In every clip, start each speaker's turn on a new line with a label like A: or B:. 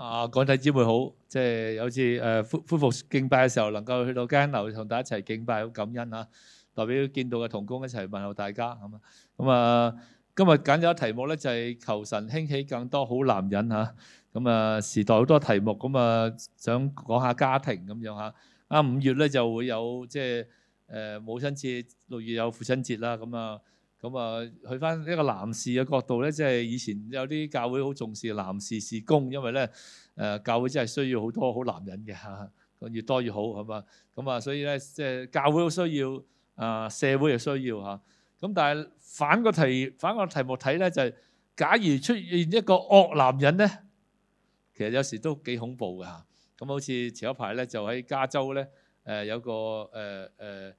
A: 啊，各位弟兄姊妹好，即係有次誒恢恢復敬拜嘅時候，能夠去到加恩樓同大家一齊敬拜，好感恩啊！代表見到嘅同工一齊問候大家咁啊！今日揀咗題目咧，就係、是、求神興起更多好男人嚇。咁啊，時代好多題目，咁啊想講下家庭咁樣嚇。啱、啊、五月咧就會有即係誒、呃、母親節，六月有父親節啦，咁啊。啊咁啊，去翻一個男士嘅角度咧，即係以前有啲教會好重視男士事工，因為咧誒教會真係需要好多好男人嘅嚇，越多越好係嘛。咁啊，所以咧即係教會好需要啊，社會又需要嚇。咁但係反個題反個題目睇咧，就係假如出現一個惡男人咧，其實有時都幾恐怖嘅嚇。咁好似前一排咧，就喺加州咧誒有個誒誒。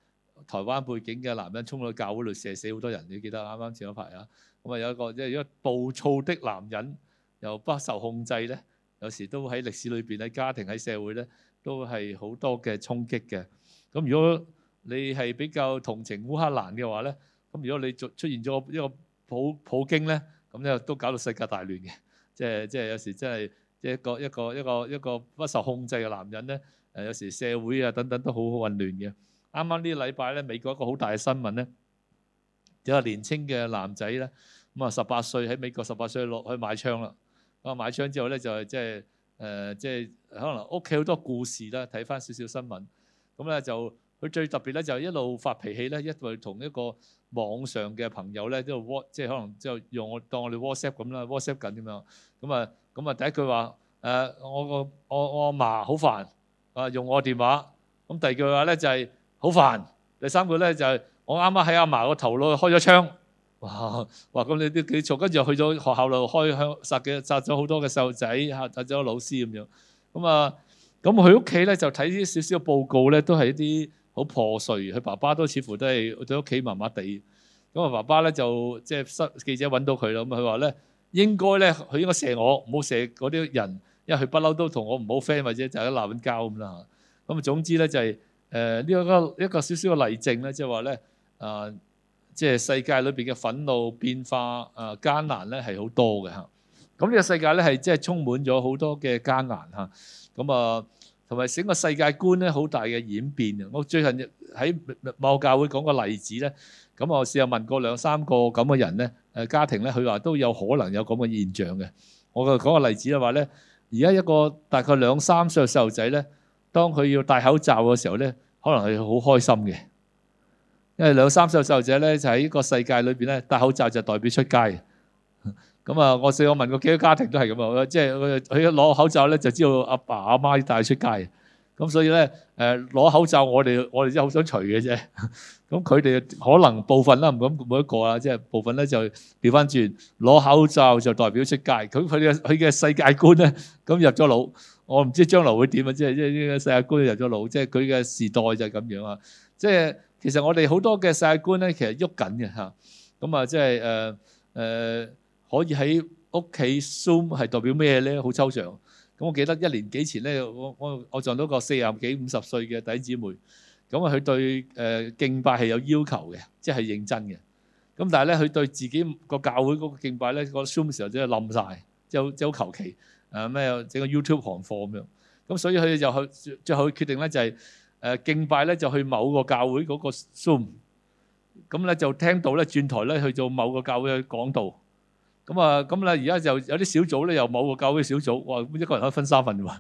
A: 台灣背景嘅男人衝到教會度射死好多人，你記得啱啱前一排啊？咁啊有一個即係如果暴躁的男人又不受控制咧，有時都喺歷史裏邊喺家庭喺社會咧都係好多嘅衝擊嘅。咁如果你係比較同情烏克蘭嘅話咧，咁如果你仲出現咗一個普普京咧，咁咧都搞到世界大亂嘅。即係即係有時真係即係一個一個一個一個不受控制嘅男人咧，誒有時社會啊等等都好好混亂嘅。啱啱呢個禮拜咧，美國一個好大嘅新聞咧，有個年青嘅男仔咧，咁啊十八歲喺美國十八歲落去買槍啦。咁啊買槍之後咧就係即係誒即係可能屋企好多故事啦。睇返少少新聞，咁咧就佢最特別咧就係一路發脾氣咧，一路同一個網上嘅朋友咧喺度 whatsapp，即係可能之後用我當我哋 whatsapp 咁啦，whatsapp 緊咁樣？咁啊咁啊第一句話誒我個我我阿嫲好煩啊，用我電話，咁第二句話咧就係。好煩！第三個咧就係我啱啱喺阿嫲個頭度開咗槍，哇哇咁你啲幾嘈？跟住去咗學校度開槍殺嘅殺咗好多嘅細路仔嚇，殺咗老師咁樣。咁啊咁佢屋企咧就睇啲少少嘅報告咧，都係一啲好破碎。佢爸爸都似乎都係對屋企麻麻地。咁啊爸爸咧就即係新記者揾到佢啦。咁佢話咧應該咧佢應該射我，唔好射嗰啲人，因為佢不嬲都同我唔好 friend 或者就喺度鬧緊交咁啦，咁啊總之咧就係、是。誒呢一個一個小小嘅例證咧，即係話咧，啊，即係世界裏邊嘅憤怒變化啊、艱難咧係好多嘅嚇。咁呢個世界咧係即係充滿咗好多嘅艱難嚇。咁啊，同埋整個世界觀咧好大嘅演變。我最近喺某教會講個例子咧，咁我試下問過兩三個咁嘅人咧，誒家庭咧，佢話都有可能有咁嘅現象嘅。我就講個例子就話咧，而家一個大概兩三歲嘅細路仔咧。當佢要戴口罩嘅時候咧，可能佢好開心嘅，因為兩三歲細路仔咧就喺呢個世界裏邊咧戴口罩就代表出街。咁啊，我四我問過幾個家庭都係咁啊，即係佢一攞口罩咧就知道阿爸阿媽要帶佢出街。咁所以咧，誒、呃、攞口罩我們，我哋我哋真係好想除嘅啫。咁佢哋可能部分啦，唔敢每一個啦，即係部分咧就掉翻轉攞口罩就代表出街。佢佢嘅佢嘅世界觀咧，咁入咗腦，我唔知將來會點啊！即係即係呢個世界觀入咗腦，即係佢嘅時代就係咁樣啊！即係其實我哋好多嘅世界觀咧，其實喐緊嘅嚇。咁啊、就是，即係誒誒，可以喺屋企 zoom 係代表咩咧？好抽象。我記得一年幾前咧，我我我撞到個四十幾五十歲嘅弟兄姊妹，咁啊，佢對誒敬拜係有要求嘅，即係認真嘅。咁但係咧，佢對自己個教會嗰個敬拜咧，個 zoom 時候真係冧曬，即係即係好求其啊，咩有整個 YouTube 行貨咁樣。咁所以佢就去最後決定咧，就係誒敬拜咧，就去某個教會嗰個 zoom。咁咧就聽到咧轉台咧去做某個教會嘅講道。咁啊，咁啦，而家就有啲小組咧，由某個教會小組，哇！一個人可以分三份喎，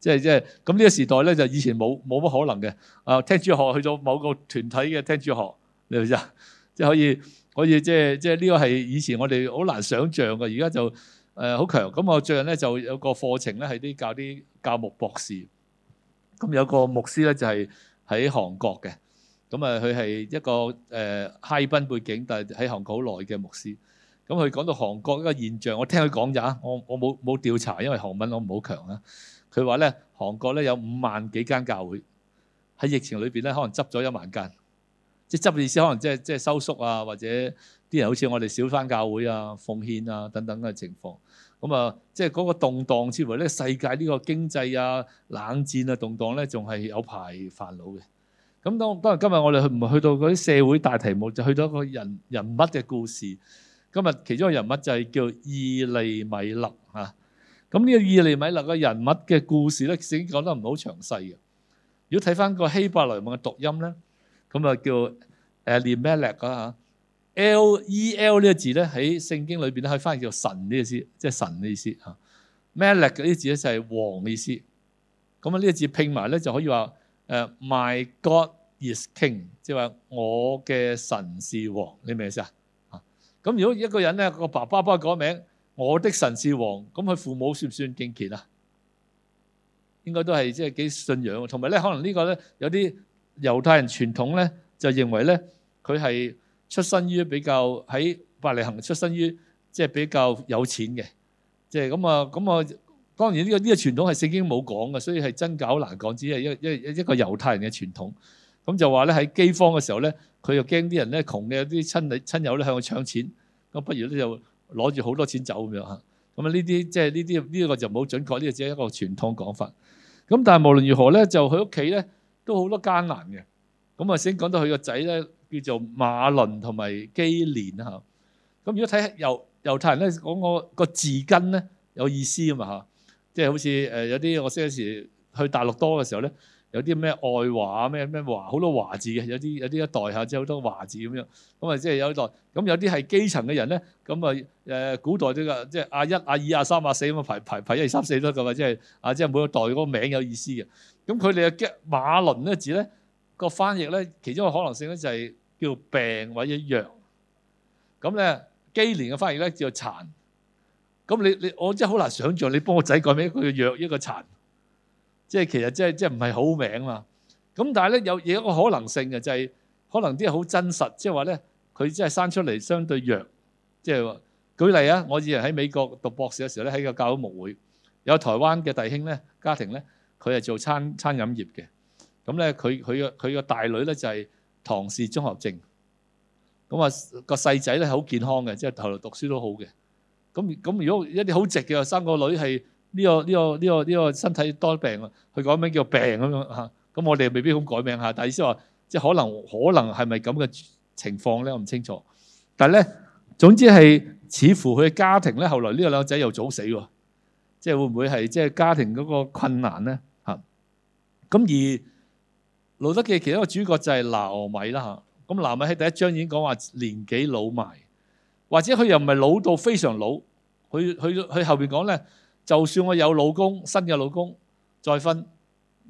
A: 即係即係。咁呢個時代咧，就以前冇冇乜可能嘅。啊，聽主學去到某個團體嘅聽主學，你咪知啊？即係可以可以，即係即係呢個係以前我哋好難想像嘅，而家就誒好強。咁我最近咧就有個課程咧，係啲教啲教牧博士。咁有個牧師咧就係喺韓國嘅，咁啊佢係一個誒哈爾濱背景，但係喺韓國好耐嘅牧師。咁佢講到韓國一個現象，我聽佢講咋，我我冇冇調查，因為韓文我唔好強啊。佢話咧，韓國咧有五萬幾間教會喺疫情裏面咧，可能執咗一萬間，即係執嘅意思，可能即係即係收縮啊，或者啲人好似我哋少返教會啊、奉獻啊等等嘅情況。咁啊，即係嗰個動盪，似乎咧世界呢個經濟啊、冷戰啊動盪咧、啊，仲係有排煩惱嘅。咁當當然今日我哋去唔去到嗰啲社會大題目，就去到一個人人物嘅故事。今日其中一個人物就係叫伊利米勒嚇，咁、啊、呢、啊這個伊利米勒嘅人物嘅故事咧，先講得唔好詳細嘅。如果睇翻個希伯來文嘅讀音咧，咁啊叫誒利米勒啊嚇，L E L 呢個字咧喺聖經裏邊咧，可以翻譯叫神呢個神意思，即係神嘅意思嚇。米勒嘅呢字咧就係王意思，咁啊呢、這個字拼埋咧就可以話誒、uh, My God is King，即係話我嘅神是王，你明唔明意思啊？咁如果一個人咧個爸爸幫佢改名，我的神是王，咁佢父母算唔算敬虔啊？應該都係即係幾信仰啊。同埋咧，而且可能呢個咧有啲猶太人傳統咧，就認為咧佢係出身於比較喺伯利恒出身於即係比較有錢嘅。即係咁啊咁啊。當然呢個呢個傳統係聖經冇講嘅，所以係真假好難講，只係一一一個猶太人嘅傳統。咁就話咧喺饑荒嘅時候咧，佢又驚啲人咧窮嘅啲親戚親友咧向佢搶錢，咁不如咧就攞住好多錢走咁樣嚇。咁啊呢啲即係呢啲呢個個就冇準確，呢個只係一個傳統講法。咁但係無論如何咧，就佢屋企咧都好多艱難嘅。咁啊先講到佢個仔咧，叫做馬倫同埋基連嚇。咁如果睇猶猶太人咧講個個字根咧有意思啊嘛即係、就是、好似有啲我先時去大陸多嘅時候咧。有啲咩外話咩咩華好多華字嘅，有啲有啲一代下即係好多華字咁、啊啊啊啊啊、樣，咁、就是、啊即係有一代，咁有啲係基層嘅人咧，咁啊誒古代啲嘅即係阿一、阿二、阿三、阿四咁樣排排排一二三四都夠啦，即係啊即係每個代嗰個名有意思嘅。咁佢哋嘅馬倫呢字咧個翻譯咧，其中嘅可能性咧就係叫病或者弱。咁咧基連嘅翻譯咧叫做殘。咁、就是、你你我真係好難想象，你幫個仔改名，一個弱，一個殘。即係其實即係即係唔係好名嘛？咁但係咧有有一個可能性嘅就係可能啲好真實，即係話咧佢即係生出嚟相對弱，即係話舉例啊！我以前喺美國讀博士嘅時候咧，喺個教會牧會有台灣嘅弟兄咧，家庭咧佢係做餐餐飲業嘅，咁咧佢佢個佢個大女咧就係唐氏綜合症，咁啊個細仔咧係好健康嘅，即係頭嚟讀書都好嘅。咁咁如果一啲好直嘅生個女係？呢個呢個呢個呢個身體多病啊！佢改名叫病咁樣嚇，咁我哋又未必好改名嚇。但係意思話，即係可能可能係咪咁嘅情況咧？我唔清楚。但係咧，總之係似乎佢嘅家庭咧，後來呢個兩仔又早死喎。即係會唔會係即係家庭嗰個困難咧？嚇。咁而路得記其中一個主角就係 Naomi 啦嚇。咁 Naomi 喺第一章已經講話年紀老埋，或者佢又唔係老到非常老。佢佢佢後邊講咧。就算我有老公，新嘅老公再婚，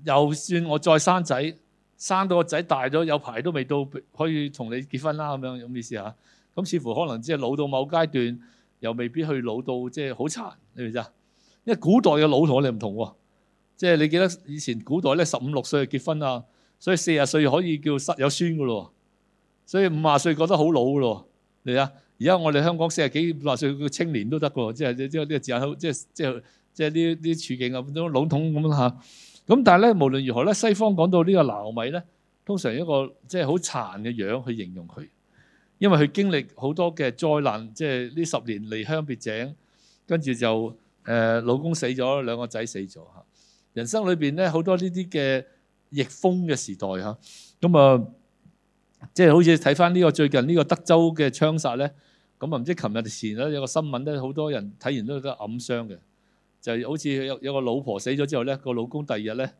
A: 又算我再生仔，生到個仔大咗，有排都未到可以同你結婚啦，咁樣咁意思嚇。咁似乎可能即係老到某階段，又未必去老到即係好殘，你明唔明啊？因為古代嘅老同我哋唔同喎，即係你記得以前古代咧，十五六歲就結婚啊，所以四十歲可以叫實有孫噶咯，所以五十歲覺得好老噶咯，你睇而家我哋香港四十幾、六十歲嘅青年都得嘅喎，即係即係即係自即係即係即啲啲處境咁樣籠統咁啦嚇。咁但係咧，無論如何咧，西方講到這個呢個拿米咧，通常有一個即係好殘嘅樣子去形容佢，因為佢經歷好多嘅災難，即係呢十年離鄉別井，跟住就誒、呃、老公死咗，兩個仔死咗嚇。人生裏邊咧好多呢啲嘅逆風嘅時代嚇。咁啊～即、就、係、好似睇翻呢個最近呢個德州嘅槍殺咧，咁啊唔知琴日前咧有個新聞咧，好多人睇完都都暗傷嘅，就好似有有個老婆死咗之後咧，個老公第二日咧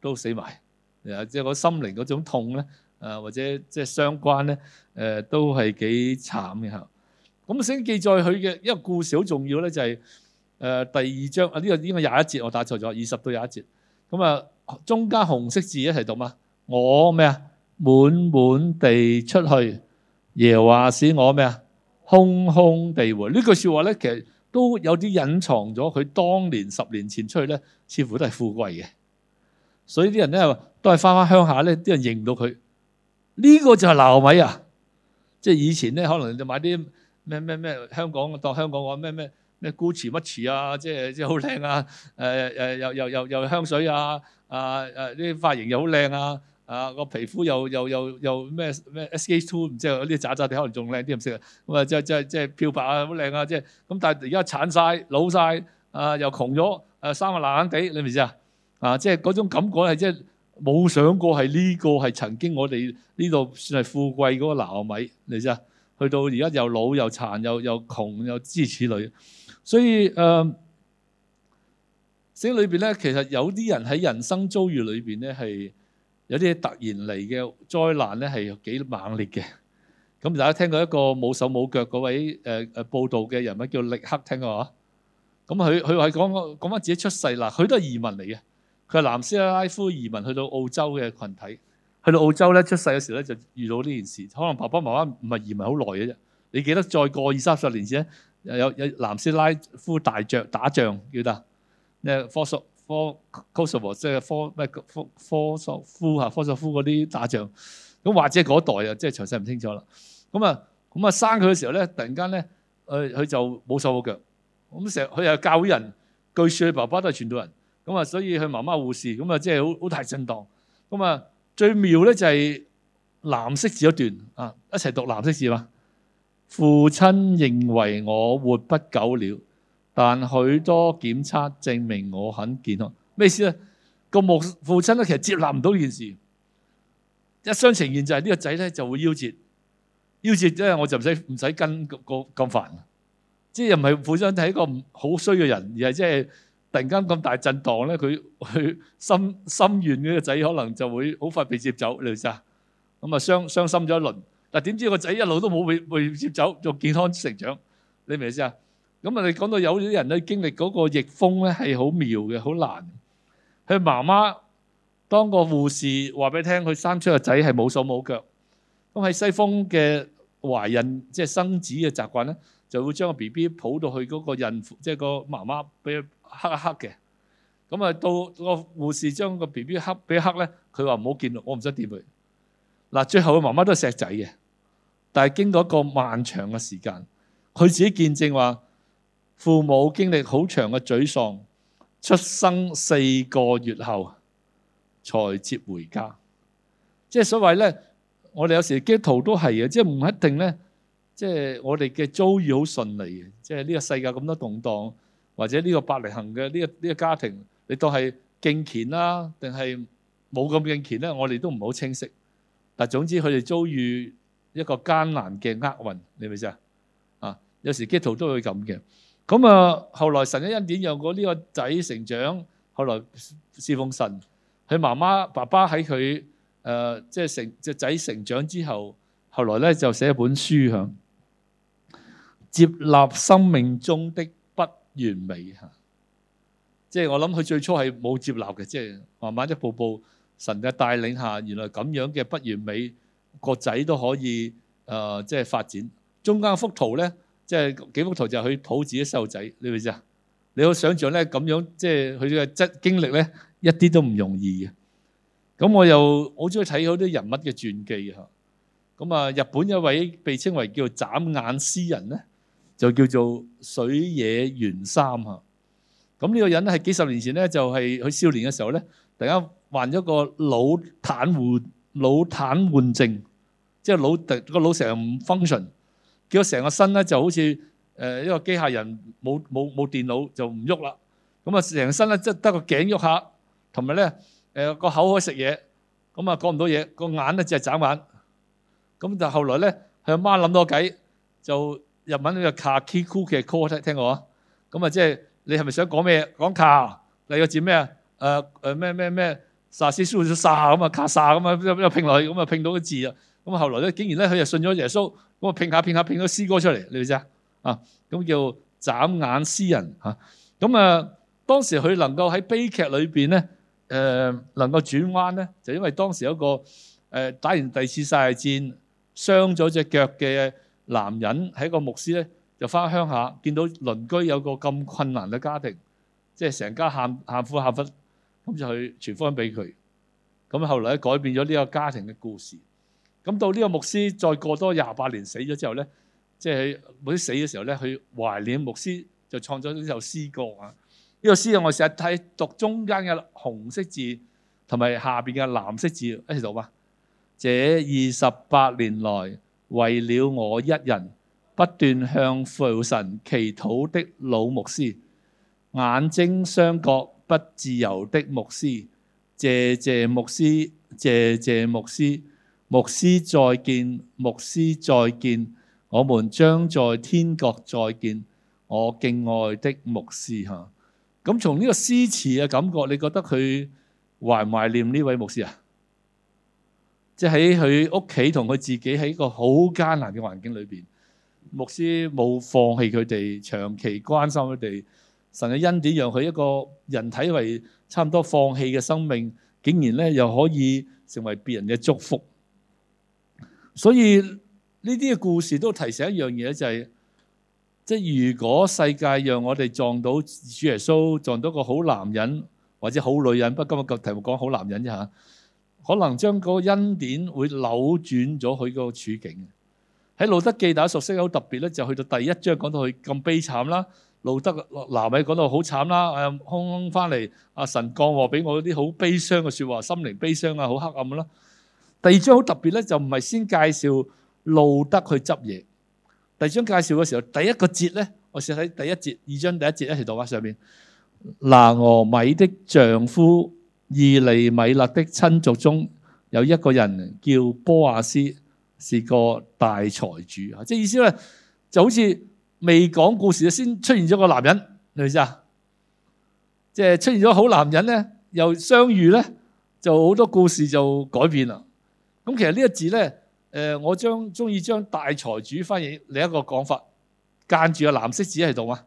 A: 都死埋，誒即係個心靈嗰種痛咧，誒或者即係相關咧，誒都係幾慘嘅嚇。咁先記載佢嘅一個故事好重要咧，就係誒第二章啊呢個應該廿一節，我打錯咗二十到廿一節。咁啊中間紅色字一齊讀嘛，我咩啊？滿滿地出去，耶和華使我咩啊？空空地回，呢句說話呢，其實都有啲隱藏咗。佢當年十年前出去呢，似乎都係富貴嘅。所以啲人呢都係翻返鄉下呢，啲人認唔到佢。呢、這個就係鬧米啊！即係以前呢，可能就買啲咩咩咩香港當香港話咩咩咩 Gucci 乜嘢啊，即係即係好靚啊！誒、呃、又又又又香水啊啊誒，啲、呃、髮型又好靚啊！啊！個皮膚又又又又咩咩 SK2 t 唔知啊！呢啲渣渣地可能仲靚啲唔識啊！咁啊即係即係即係漂白啊，好靚啊！即係咁，但係而家殘晒老晒，啊，又窮咗啊，衫又爛爛地，你明唔明啊？啊！即係嗰種感覺係即係冇想過係呢個係曾經我哋呢度算係富貴嗰個拿俄米嚟啫，去到而家又老又殘又又窮又諸如此類。所以誒，寫裏邊咧，其實有啲人喺人生遭遇裏邊咧係。有啲突然嚟嘅災難咧係幾猛烈嘅，咁大家聽過一個冇手冇腳嗰位誒誒報導嘅人物叫力克聽，聽過？咁佢佢係講講翻自己出世。嗱，佢都係移民嚟嘅，佢係南斯拉夫移民去到澳洲嘅群體，去到澳洲咧出世嘅時候咧就遇到呢件事，可能爸爸媽媽唔係移民好耐嘅啫。你記得再過二三十年前有有南斯拉夫大仗打仗叫得咩科索？科科索沃，即係科咩，科科索夫啊，科索夫嗰啲打仗咁，或者嗰代啊，即係詳細唔清楚啦，咁啊，咁啊生佢嘅時候咧，突然間咧，佢、呃、佢就冇手冇腳，咁成日佢又教人據説，佢爸爸都係傳道人，咁啊，所以佢媽媽護士，咁啊，即係好好大震盪，咁啊，最妙咧就係藍色字一段啊，一齊讀藍色字嘛。父親認為我活不久了。但許多檢測證明我很健康，咩意思咧？個木父親咧其實接納唔到呢件事，一廂情願就係呢個仔咧就會夭折，夭折咧我就唔使唔使跟個個咁煩。即係又唔係父親係一個好衰嘅人，而係即係突然間咁大震盪咧，佢佢心心願嘅仔可能就會好快被接走，你意思啊，咁啊傷傷心咗一輪。但點知個仔一路都冇被被接走，仲健康成長，你明唔明意思啊？咁啊！你講到有啲人咧經歷嗰個逆風咧，係好妙嘅，好難。佢媽媽當個護士話俾佢聽，佢生出個仔係冇手冇腳。咁喺西方嘅懷孕，即係生子嘅習慣咧，就會將個 B B 抱到去嗰個孕婦，即係個媽媽俾佢黑一黑嘅。咁啊，到個護士將個 B B 黑俾黑咧，佢話唔好見我，唔想掂佢。嗱，最後佢媽媽都係錫仔嘅，但係經過一個漫長嘅時間，佢自己見證話。父母經歷好長嘅沮喪，出生四個月後才接回家。即係所謂咧，我哋有時基督徒都係嘅，即係唔一定咧。即係我哋嘅遭遇好順利嘅，即係呢個世界咁多動盪，或者呢個伯利恆嘅呢一呢一家庭，你當係敬虔啦，定係冇咁敬虔咧？我哋都唔好清晰。但係總之佢哋遭遇一個艱難嘅厄運，你咪知啊？啊，有時基督徒都會咁嘅。咁啊，後來神一恩典讓過呢個仔成長，後來侍奉神。佢媽媽爸爸喺佢誒即係成隻仔，就是，成長之後，後來咧就寫一本書響接納生命中的不完美嚇。即係，就是，我諗佢最初係冇接納嘅，即，就，係，是，慢慢一步步神嘅帶領下，原來咁樣嘅不完美個仔都可以誒即係發展。中間幅圖咧。即係幾幅圖就係佢抱自己細路仔。你明唔明啊？你好想象咧咁樣，即係佢嘅，經經歷咧，一啲都唔容易嘅。咁我又好中意睇好多人物嘅傳記吓。咁啊，日本有位被稱為叫眨眼詩人咧，就叫做水野元三吓。咁呢個人咧係幾十年前咧就係佢少年嘅時候咧，突然間患咗個腦癱瘓、腦癱瘓症，即係腦個腦成日唔 function。叫成個身咧就好似誒一個機械人，冇冇冇電腦就唔喐啦。咁啊成身咧即得個頸喐下，同埋咧誒個口可以食嘢，咁啊講唔到嘢，個眼咧只係眨眼。咁就後來咧，佢阿媽諗到個計，就日文叫呢個卡基庫嘅 call 聽聽過啊。咁啊即係你係咪想講咩？講卡，你是是、Ka、個字咩啊？誒誒咩咩咩沙斯蘇蘇沙咁啊卡沙，咁啊，一 rhyme，一拼落去咁啊拼到個字啊。咁啊後來咧竟然咧佢就信咗耶穌。咁啊，拼下拼下，拼咗詩歌出嚟，你知啊？啊，咁叫眨眼詩人嚇。咁啊，啊，當時佢能夠喺悲劇裏邊咧，誒、呃、能夠轉彎咧，就因為當時有一個誒、呃、打完第二次世界戰傷咗隻腳嘅男人，係一個牧師咧，就翻鄉下見到鄰居有個咁困難嘅家庭，即係成家喊喊苦喊屈，咁就去傳福音俾佢。咁後嚟咧改變咗呢個家庭嘅故事。咁到呢個牧師再過多廿八年死咗之後呢，即係佢啲死嘅時候呢，佢懷念牧師就創咗呢首詩歌啊！呢個詩我成日睇讀中間嘅紅色字同埋下邊嘅藍色字，一齊讀吧。這二十八年來，為了我一人不斷向父神祈禱的老牧師，眼睛雙角不自由的牧師，謝謝牧師，謝謝牧師。謝謝牧師，牧師再見，牧師再見，我們將在天國再見。我敬愛的牧師吓，咁從呢個詩詞嘅感覺，你覺得佢懷唔懷念呢位牧師啊？即係喺佢屋企同佢自己喺一個好艱難嘅環境裏邊，牧師冇放棄佢哋，長期關心佢哋。神嘅恩典讓佢一個人體為差唔多放棄嘅生命，竟然，呢又可以成為別人嘅祝福。所以呢啲嘅故事都提醒一樣嘢，就係、是、即係如果世界讓我哋撞到主耶穌，撞到個好男人或者好女人，不過今日個題目講好男人啫嚇，可能將個恩典會扭轉咗佢個處境。喺路德記大家熟悉好特別咧，就去到第一章講到佢咁悲慘啦，路德嗱位講到好慘啦，誒空空翻嚟，阿神降禍俾我啲好悲傷嘅説話，心靈悲傷啊，好黑暗啦。第二章好特別咧，就唔係先介紹路德去執嘢。第二章介紹嘅時候，第一個節咧，我寫喺第一節。二章第一節咧，一齊讀吓上邊。拿俄米的丈夫以利米勒的親族中有一個人叫波亞斯，是個大財主啊。即係意思咧，就好似未講故事啊，先出現咗個男人，明唔明先啊？即係出現咗好男人咧，又相遇咧，就好多故事就改變啦。咁其實呢個字咧，誒我將中意將大財主翻譯另一個講法，間住個藍色紙喺度嘛。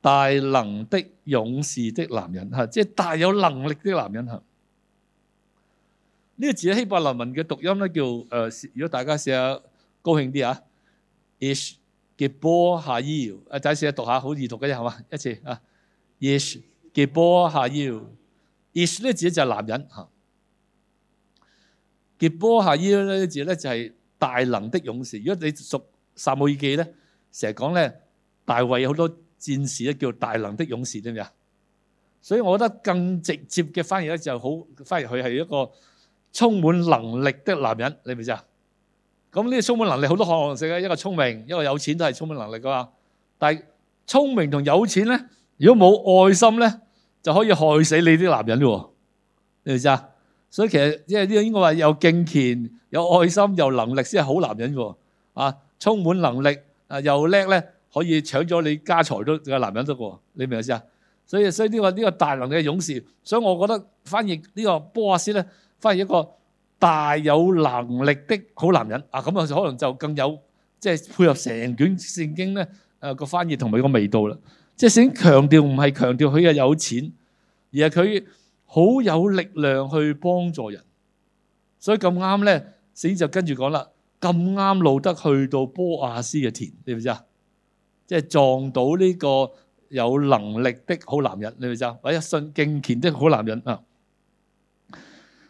A: 大能的勇士的男人嚇，即係大有能力的男人嚇。呢個字咧希伯來文嘅讀音咧叫誒、呃，如果大家試下高興啲、嗯、啊，ish gibbor hayil，啊仔試下讀下，好易讀嘅啫係嘛，一次啊，ish gibbor hayil，ish 呢個字就係男人嚇。嗯結波下呢個字咧就係大能的勇士。如果你熟撒母耳記咧，成日講咧大衛有好多戰士咧叫大能的勇士知唔知啊？所以我覺得更直接嘅翻譯咧就好，翻譯佢係一個充滿能力的男人，你咪知啊。咁呢個充滿能力好多可能性嘅，一個聰明，一個有錢都係充滿能力噶。但係聰明同有錢咧，如果冇愛心咧，就可以害死你啲男人喎，你知啊？所以其實即係呢個應該話有敬虔、有愛心、有能力先係好男人喎。啊，充滿能力啊，又叻咧，可以搶咗你家財都個男人得個，你明唔明意思啊？所以所以呢個呢個大能嘅勇士，所以我覺得翻譯呢個波阿斯咧，翻譯一個大有能力的好男人啊。咁啊，可能就更有即係、就是、配合成卷聖經咧誒個翻譯同埋個味道啦。即係先強調唔係強調佢嘅有錢，而係佢。好有力量去幫助人，所以咁啱咧，聖經就跟住講啦。咁啱路德去到波亞斯嘅田，你知唔知啊？即係撞到呢個有能力的好男人，你咪或者一信敬虔的好男人啊！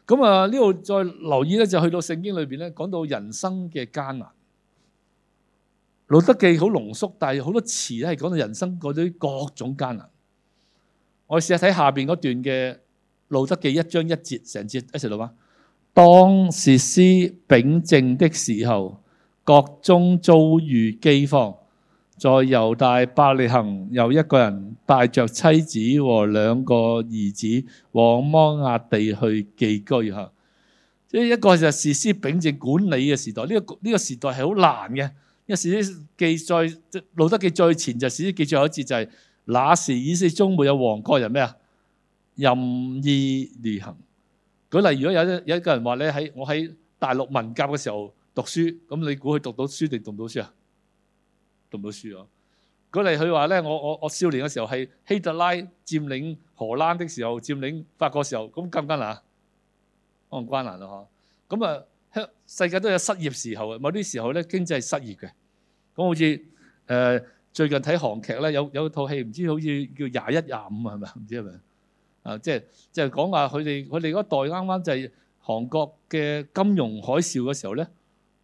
A: 咁啊，呢度再留意咧，就去到聖經裏邊咧，講到人生嘅艱難。路德記好濃縮，但係好多詞咧係講到人生嗰啲各種艱難。我試下睇下邊嗰段嘅。路得記一章一節成節，一食到嗎？當士師秉政的時候，國中遭遇饑荒，在猶大伯利恆有一個人帶著妻子和兩個兒子往摩亞地去寄居嚇。即係一個就係士師秉政管理嘅時代，呢、呢個呢時代係好難嘅。因為士師記路得記最前就士師記，最後一節就係、是，那時以色列中沒有王國人咩啊？任意而行。舉例，如果有有一個人話咧，喺我喺大陸文革嘅時候讀書，咁你估佢讀到書定讀唔到書啊？讀唔到書啊！舉例，佢話咧，我我我少年嘅時候係希特拉佔領荷蘭的時候，佔領法國時候，咁艱唔艱難？可能關難咯～嗬，咁啊，香世界都有失業時候嘅，某啲時候咧經濟失業嘅。咁好似誒最近睇韓劇咧，有有套戲唔知好似叫廿一廿五啊，係咪？唔知係咪？啊，即係即係講話佢哋佢哋嗰代啱啱就係韓國嘅金融海嘯嘅時候咧，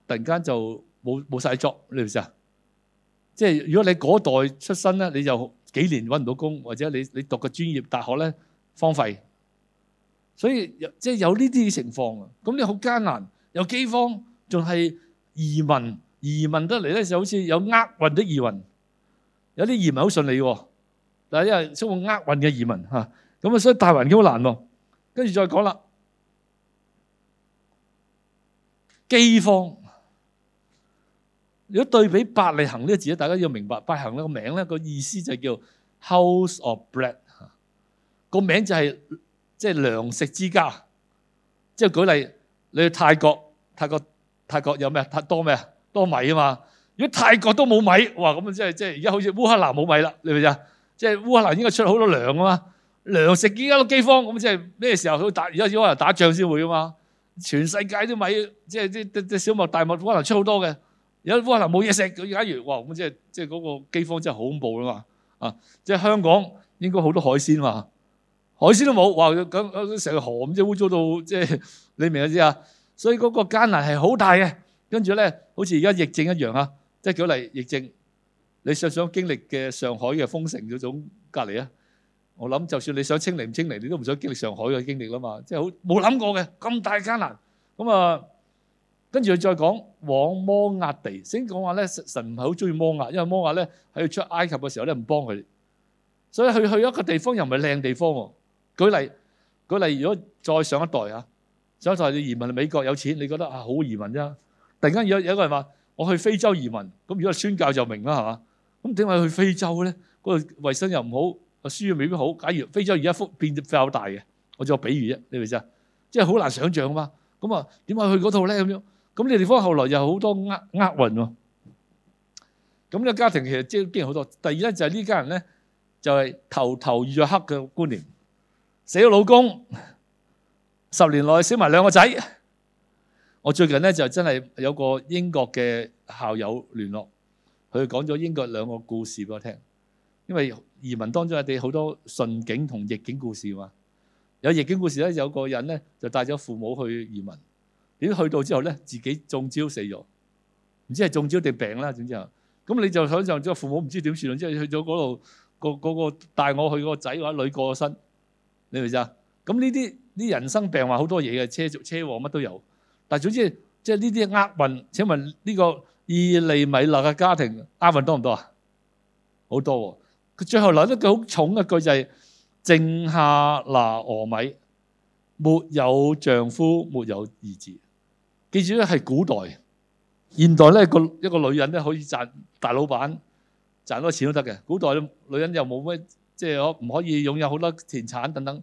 A: 突然間就冇冇曬作，你唔知？啊？即係如果你嗰代出身咧，你就幾年揾唔到工，或者你你讀個專業大學咧，荒廢，所以即係有呢啲情況啊。咁你好艱難，有饑荒，仲係移民移民得嚟咧，就好似有厄運的移民，有啲移民好順利的，但係因為充滿厄運嘅移民嚇。啊咁啊，所以大環境好難喎。跟住再講啦，饑荒。如果對比伯利恆呢個字咧，大家要明白伯利恆呢個名咧個意思就叫 House of Bread，個名就係即係糧食之家。即係舉例，你去泰國，泰國泰國有咩？太多咩？多米啊嘛。如果泰國都冇米，哇！咁啊，即係即係而家好似烏克蘭冇米啦，你明唔明啊？即係烏克蘭應該出好多糧啊嘛。糧食依家都饑荒，咁即係咩時候佢會打？而家可能打仗先會啊嘛！全世界都米，即係啲啲啲小麥、大麥，可能出好多嘅。而家可能冇嘢食，假如哇咁即係即係嗰個饑荒真係好恐怖啦嘛！啊，即係香港應該好多海鮮嘛，海鮮都冇哇！咁成個河即係污糟到即係你明唔明知啊？所以嗰個艱難係好大嘅。跟住咧，好似而家疫症一樣啊！即係舉例疫症，你想唔想經歷嘅上海嘅封城嗰種隔離啊？我諗，就算你想清理唔清理，你都唔想經歷上海嘅經歷啦嘛。即係好冇諗過嘅咁大艱難。咁啊，跟住佢再講往摩押地。先講話咧，神唔係好中意摩押，因為摩押咧係要出埃及嘅時候咧唔幫佢。所以佢去一個地方又唔係靚地方喎。舉例舉例，如果再上一代啊，上一代你移民嚟美國有錢，你覺得啊好移民啫。突然間有有一個人話我去非洲移民，咁如果係宣教就明啦，係嘛？咁點解去非洲咧？嗰個衞生又唔好。我書未必好。假如非洲而家幅變得好大嘅，我再比喻啫，你明唔明？即係好難想像嘛。咁啊，點解去嗰套咧？咁樣咁呢地方後來又好多厄厄運喎。咁嘅家庭其實即係經歷好多。第二咧就係呢家人咧，就係、是、頭頭遇咗黑嘅觀念，死咗老公，十年內死埋兩個仔。我最近咧就真係有個英國嘅校友聯絡，佢講咗英國兩個故事俾我聽。因為移民當中，有好多順境同逆境故事嘛。有逆境故事咧，有個人咧就帶咗父母去移民。點知去到之後咧，自己中招死咗，唔知係中招定病啦。總之啊，咁你就想像吓父母唔知點算啦。之後去咗嗰度，個嗰個帶我去嗰個仔或者女過身，你明唔明？咁呢啲啲人生病話好多嘢嘅車禍乜都有，但係總之即係呢啲厄運。請問呢個以利米勒嘅家庭厄運多唔多，多啊？好多喎。佢最後留咗句好重嘅句就係、是：剩下拿俄米，沒有丈夫，沒有兒子。記住咧，係古代，現代咧個一個女人咧可以賺大老闆賺多錢都得嘅。古代女人又冇咩，即係我唔可以擁有好多田產等等，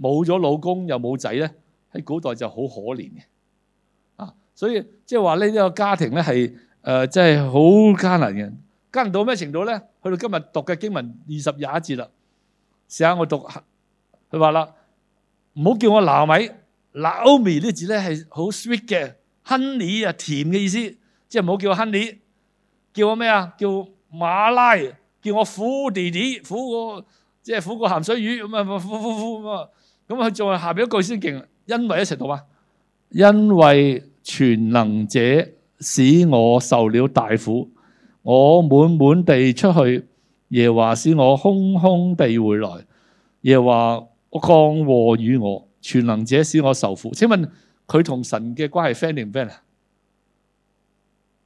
A: 冇咗老公又冇仔咧，喺古代就好可憐嘅。啊，所以即係話咧，呢個家庭咧係誒，真係好艱難嘅。跟到咩程度咧？去到今日讀嘅經文二十廿一節啦。試下我讀，佢話啦，唔好叫我拿米，拿俄米呢字咧係好 sweet 嘅，honey 啊甜嘅意思，即係唔好叫我「honey，叫我咩啊？叫馬拉，叫我苦弟弟，苦過即係苦過鹹水魚咁啊！苦苦苦，咁啊，仲係下邊一句先勁，因為一齊讀嘛。因為全能者使我受了大苦。我滿滿地出去，耶華使我空空地回來。耶華降禍與我，全能者使我受苦。請問佢同神嘅關係 friend 定唔 friend 啊？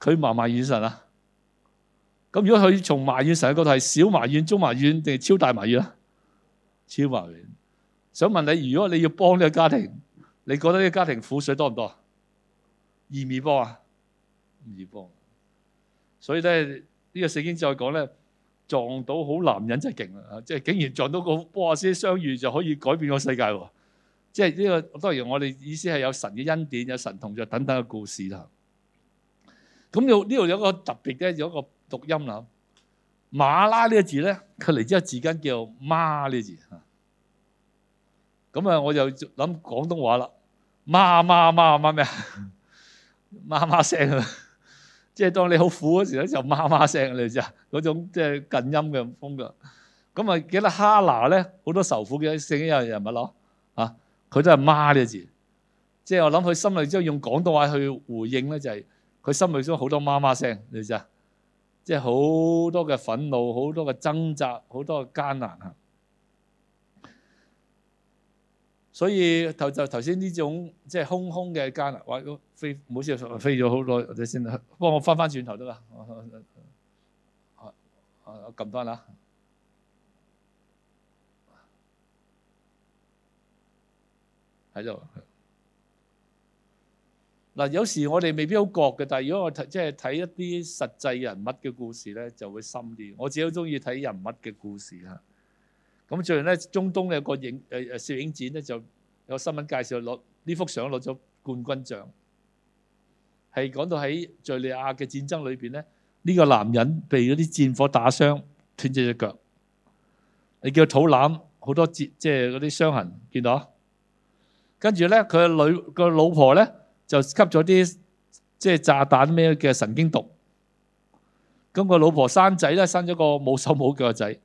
A: 佢埋埋怨神啊？咁如果佢從埋怨神嘅角度係小埋怨、中埋怨定係超大埋怨啊？超埋怨。想問你，如果你要幫呢個家庭，你覺得呢個家庭苦水多唔多？易唔易幫啊？唔易幫。所以咧呢個聖經再講咧，撞到好男人真係勁啦！即係竟然撞到個波阿斯，相遇就可以改變個世界喎！即係呢個當然我哋意思係有神嘅恩典、有神同在等等嘅故事啦。咁度呢度有一個特別咧，有一個讀音喇，馬拉呢個字咧，佢嚟之後字根叫媽呢字嚇。咁啊，我就諗廣東話啦，媽媽媽媽咩啊？媽媽聲啊！媽媽即係當你好苦嗰時咧，就是、媽媽聲，你知啊？嗰種即係近音嘅風格。咁啊，記得哈拿咧？好多仇苦嘅聲音一樣人物咯。嚇、啊，佢都係媽呢個字。即係我諗佢心裏中用廣東話去回應咧，就係、是、佢心裏中好多媽媽聲，你知啊？即係好多嘅憤怒，好多嘅掙扎，好多嘅艱難啊！所以頭頭頭先呢種即係空空嘅艱難，哇！飛唔好意思啊，飛咗好耐或者先啊，幫我翻翻轉頭得啦。我我撳翻啦，喺度。嗱，有時我哋未必好覺嘅，但係如果我睇即係睇一啲實際人物嘅故事咧，就會深啲。我自己好鍾意睇人物嘅故事嚇。咁最近咧，中東有個影誒誒攝影展咧，就有新聞介紹攞呢幅相攞咗冠軍獎，係講到喺敍利亞嘅戰爭裏邊咧，呢個男人被嗰啲戰火打傷，斷咗隻腳，你叫肚腩，好多折即係嗰啲傷痕，見到？跟住咧，佢個女個老婆咧就吸咗啲即係炸彈咩嘅神經毒，咁個老婆生仔咧生咗個冇手冇腳嘅仔。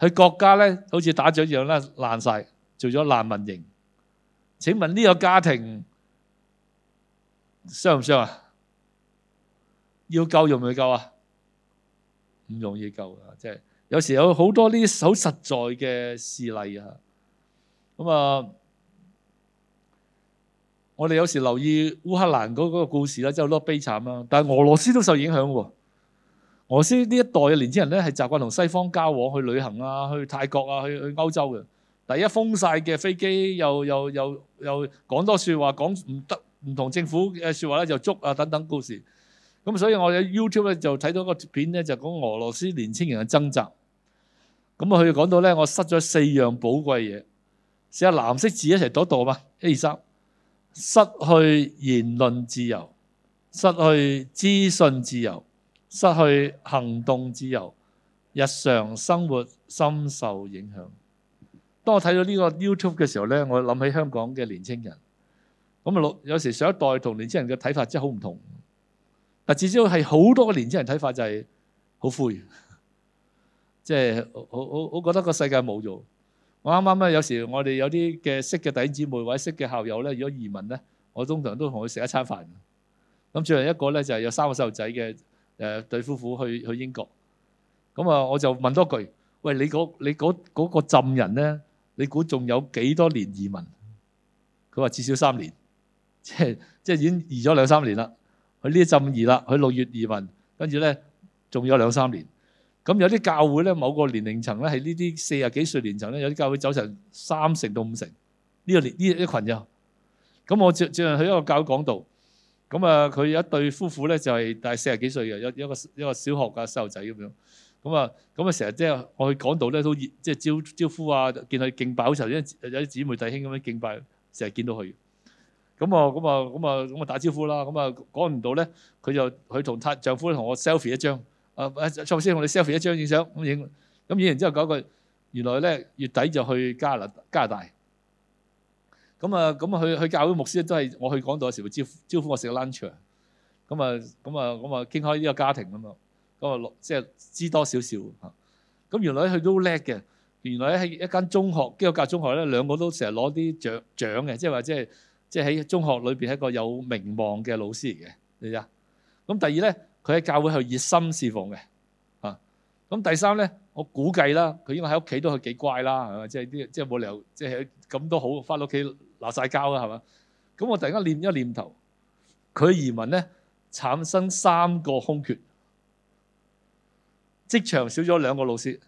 A: 佢國家咧，好似打仗一樣啦，爛晒，做咗難民營。請問呢個家庭傷唔傷啊？要救用唔用救啊？唔容易救啊！即係有時有好多呢啲好實在嘅事例啊。咁啊，我哋有時留意烏克蘭嗰個個故事呢，真係好多悲慘啦。但係俄羅斯都受影響喎。俄羅斯呢一代嘅年輕人咧，係習慣同西方交往，去旅行啊，去泰國，啊，去去歐洲嘅。第一封晒嘅飛機，又又又又講多說話，講唔得，唔同政府嘅說話咧就捉啊等等故事。咁所以我喺 YouTube 咧就睇到個片咧，就講俄羅斯年青人嘅掙扎。咁啊，佢講到咧，我失咗四樣寶貴嘢。試下藍色字一齊讀讀啊嘛，一二三，失去言論自由，失去資訊自由。失去行動自由，日常生活深受影響。當我睇到呢個 YouTube 嘅時候咧，我諗起香港嘅年輕人。咁啊，老有時上一代同年青人嘅睇法真係好唔同。但至少係好多嘅年青人睇法就係好灰，即係我我覺得個世界冇咗。我啱啱咧，有時我哋有啲嘅識嘅弟兄姊妹或者識嘅校友咧，如果移民咧，我通常都同佢食一餐飯。咁最後一個咧就係有三個細路仔嘅。誒對夫婦去去英國，咁啊我就問多句，喂，你嗰你嗰、嗰個浸人咧，你估仲有幾多年移民？佢話至少三年，即係即係已經移咗兩三年啦。佢呢一浸移啦，佢六月移民，跟住咧仲有兩三年。咁有啲教會咧，某個年齡層咧係呢啲四十幾歲年層咧，有啲教會走成三成到五成呢個年呢呢羣嘅。咁我只只係去一個教講道。咁啊，佢有一對夫婦咧就係、是、大四十幾歲嘅，有一個一個小學嘅細路仔咁樣。咁啊，咁啊成日即係我去趕道咧都即係招招呼啊，見佢敬拜好似有啲姊妹弟兄咁樣敬拜，成日見到佢。咁啊，咁啊，咁啊，咁啊打招呼啦。咁啊趕唔到咧，佢就佢同佢丈夫同我 selfie 一張。啊，蔡先生，我哋 selfie 一張影相，咁影咁影完之後講句，原來咧月底就去加拿加拿大。咁啊，咁啊，去去教會牧師咧，都係我去講道嘅時會招呼招呼我食個 lunch 啊。咁啊，咁啊，咁啊，傾開呢個家庭咁啊，咁啊落即係知多少少嚇。咁原來咧佢都叻嘅，原來咧喺一間中學，經過教中學咧，兩個都成日攞啲獎獎嘅，即係話即係即係喺中學裏邊係一個有名望嘅老師嚟嘅啊。咁第二咧，佢喺教會係熱心侍奉嘅嚇。咁第三咧，我估計啦，佢應該喺屋企都係幾乖啦，係嘛？即係啲即係冇理由，即係咁都好翻到屋企。鬧晒交啦，係嘛？咁我突然間念一念頭，佢移民咧，產生三個空缺，職場少咗兩個老師，